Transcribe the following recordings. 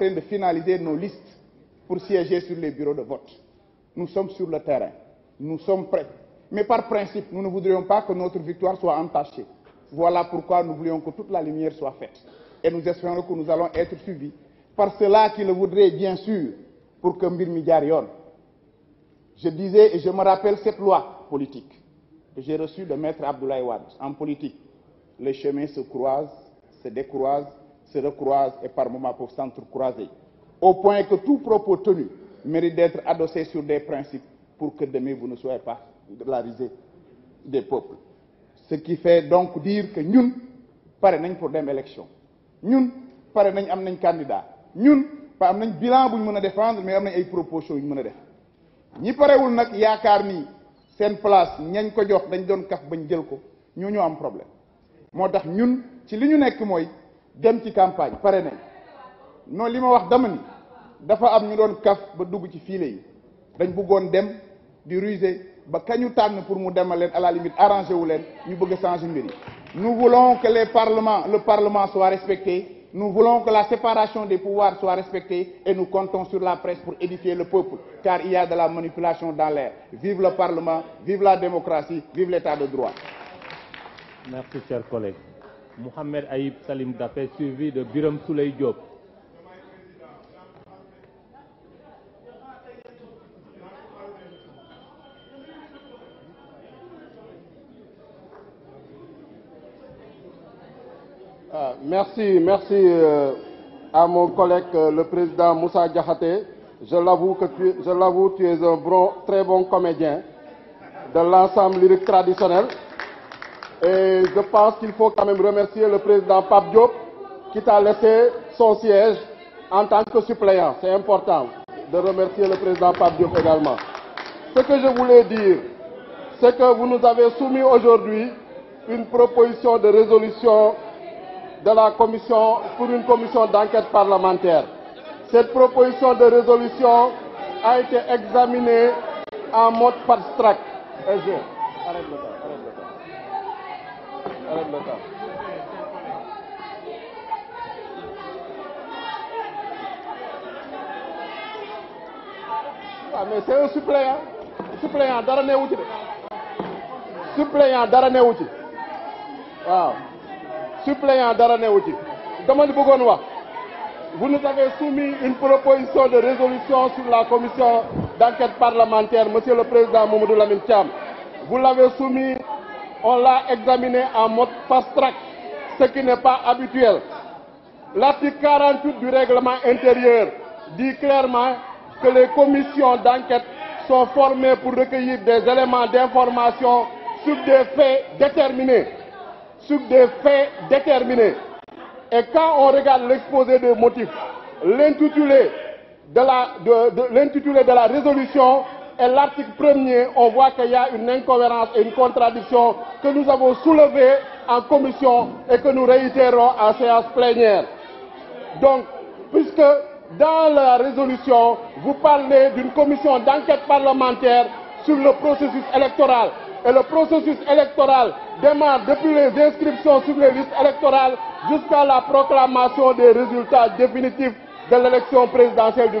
train de finaliser nos listes pour siéger sur les bureaux de vote. Nous sommes sur le terrain. Nous sommes prêts. Mais par principe, nous ne voudrions pas que notre victoire soit entachée. Voilà pourquoi nous voulions que toute la lumière soit faite. Et nous espérons que nous allons être suivis par ceux qui le voudraient, bien sûr, pour que Mbir Midjarion. Je disais, et je me rappelle cette loi politique que j'ai reçue de Maître Abdoulaye Wade en politique. Les chemins se croisent, se recroisent et par moments peuvent s'entrecroiser, au point que tout propos tenu mérite d'être adossé sur des principes pour que demain vous ne soyez pas la risée des peuples. Ce qui fait donc dire que ñun pare nañ pour dem élection ñun pare nañ am nañ candidat ñun pa am nañ bilan bu ñu mën a défendre mais am nañ ay propositions yu ñu mën a def ñi parewul nag yaakaar ni seen place ñañ ko jox dañ doon kaf bañ jël ko ñoo ñoo am problème moo tax ñun ci li ñu nekk mooy dem ci campagne pare nañ non li ma wax dama ni dafa am ñu doon kaf ba dugg ci fiile yi dañ bëggoon dem di ruser ba kañu tànn pour mu demal leen à la limite arrangé wu leen ñu bëgg a changer mbir yi nous voulons que les parlements le parlement soit respecté nous voulons que la séparation des pouvoirs soit respectée et nous comptons sur la presse pour édifier le peuple car il y a de la manipulation dans l'air vive le parlement vive la démocratie vive l'état de droit merci chers Mohamed Aïb Salim Dafé, suivi de Biram Souley Diop. Ah, merci, merci euh, à mon collègue euh, le président Moussa Diakhaté. Je l'avoue que tu, je l'avoue, es un très bon comédien de l'ensemble lyrique traditionnel. Et je pense qu'il faut quand même remercier le président Pape Diop qui t'a laissé son siège en tant que suppléant. C'est important de remercier le président Pape Diop également. Ce que je voulais dire, c'est que vous nous avez soumis aujourd'hui une proposition de résolution de la commission pour une commission d'enquête parlementaire. Cette proposition de résolution a été examinée en mode fast track. arabes locales. waaw mais c'est un suppléant suppléant dara newu ci de suppléant dara newu ci waaw suppléant dara newu ci dama li bëggoon wax vous nous avez soumis une proposition de résolution sur la commission d'enquête parlementaire monsieur le président Mamadou Lamine Thiam vous l'avez soumis on l'a examiné en mode fast-track, ce qui n'est pas habituel. L'article 48 du règlement intérieur dit clairement que les commissions d'enquête sont formées pour recueillir des éléments d'information sur des faits déterminés. Sur des faits déterminés. Et la, de, de, la résolution et l'article premier, on voit qu'il y a une incohérence et une contradiction que nous avons soulevée en commission et que nous le processus électoral. Et le processus électoral démarre depuis les inscriptions sur les listes la proclamation des résultats définitifs de l'élection présidentielle du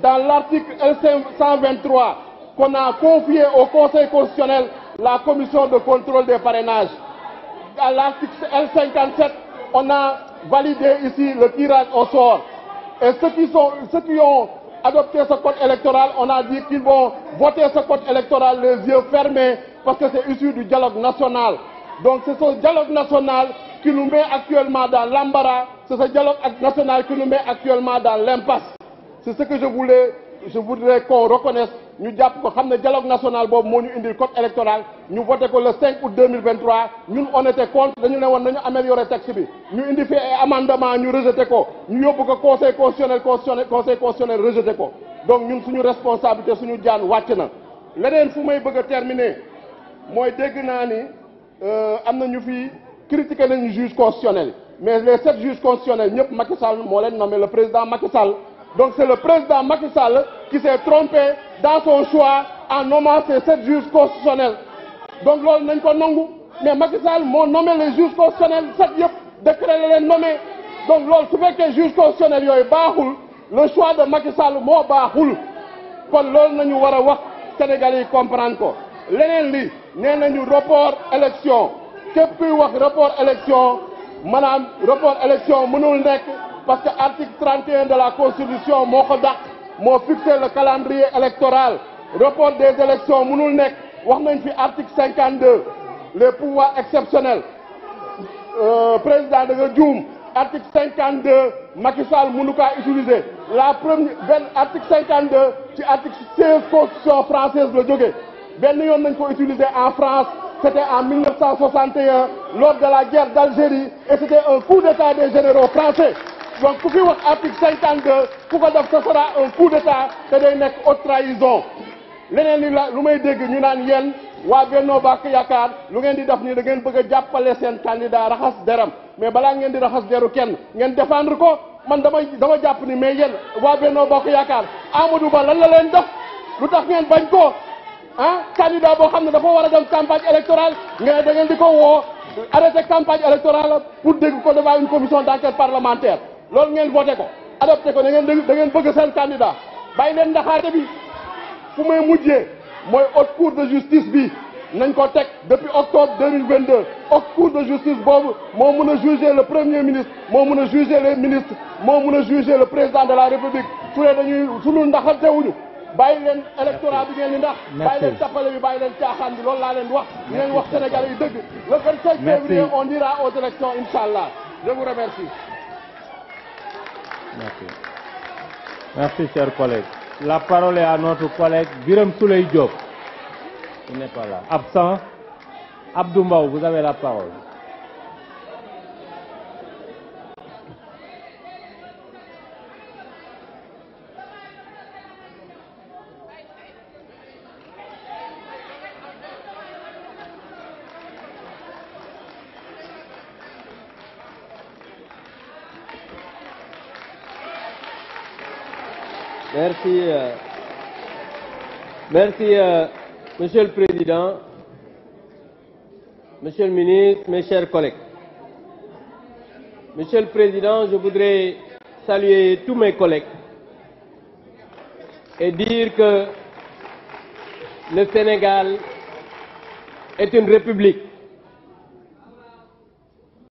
dans l'article L123 qu'on a confié au Conseil constitutionnel la commission de des parrainages. À L57, on a validé ici le tirage au sort. Et ceux qui, sont, ceux on a dit qu'ils vont voter ce que c'est issu du dialogue national. Donc c'est ce dialogue national qui nous met actuellement national qui nous met actuellement dans l'impasse. c'est ce que je voulais je voudrais qu'on reconnaisse ñu jàpp ko xam ne dialogue national boobu moo ñu indil code électoral ñu voté ko le 5 août 2023 ñun on était contre dañu ne woon nañu améliorer texte bi ñu indi fi ay amendement ñu rejeté ko ñu yóbbu ko conseil constitutionnel constitutionnel conseil constitutionnel rejeté ko donc ñun suñu responsabilité suñu jaan wàcc na. leneen fu may bëgg a terminer mooy dégg naa ni euh, am na ñu fi critiqué nañu juge constitutionnel mais les sept juges constitutionnels ñëpp Macky moo leen nommé le président Macky Sall. Donc c'est le président Macky Sall qui s'est trompé dans son choix en nommant ces sept juges constitutionnels. Donc loolu nañ ko nangu mais Macky Sall moo nommé les juges constitutionnels sept yëpp décret la leen nommé donc lool su fekkee juges constitutionnels yooyu baaxul le choix de Macky Sall moo baaxul kon loolu nañu war a wax Sénégalais yi comprendre ko leneen li nee nañu report élection képp kuy wax report élection maanaam report élection mënul nekk parce que article 31 de la constitution moo ko dàq moo fixé le calendrier électoral report des nekk wax nañ fi article 52 les pouvoirs exceptionnels euh, président da nga juum article 52 Macky Sall mënu utiliser la première benn article 52 ci article 16 constitution française la jóge nañ ko en France c'était en 1961 lors de la guerre d'Algérie et c'était donc ku fi wax article 52 ku ko def ce sera un coup d'état te day nekk haute trahison leneen li la lu may dégg ñu naan yéen waa Benno Bokk Yaakaar lu ngeen di def nii da ngeen bëgg a jàppale seen candidat raxas deram mais bala ngeen di raxas deru kenn ngeen défendre ko man dama dama jàpp ni mais yéen waa Benno Bokk Yaakaar Amadou Ba lan la leen def lu tax ngeen bañ ko ah candidat boo xam ne dafa war a dem campagne électorale nga da ngeen di ko woo arrêté campagne électorale ko devant une commission d'enquête parlementaire loolu ngeen voté ko adopté ko dangeen ngeen da ngeen bëgg seen candidat bàyyi leen ndaxaate bi fu may mujjee mooy haute cour de justice bi nañ ko teg depuis octobre 2022 haute cour de justice boobu moo mun a juger le premier ministre moo mun a juger les ministres moo mun a juger le président de la république su dee dañuy sunu ndaxante wuñu bàyyi leen électorat bi ngeen di ndax. bàyyi leen tappale bi bàyyi leen caaxaan bi loolu laa leen wax. di leen wax Sénégalais yi dëgg. le 25 février on ira aux élections incha allah je vous remercie. Merci. Merci, chers La parole est à notre collègue Biram Souley Diop. Il n'est pas là. Absent. Abdoumbaou, vous avez la parole. Merci. Euh, merci, euh, Monsieur le Président, Monsieur le Ministre, mes chers collègues. Monsieur le Président, je voudrais saluer tous mes collègues et dire que le Sénégal est une république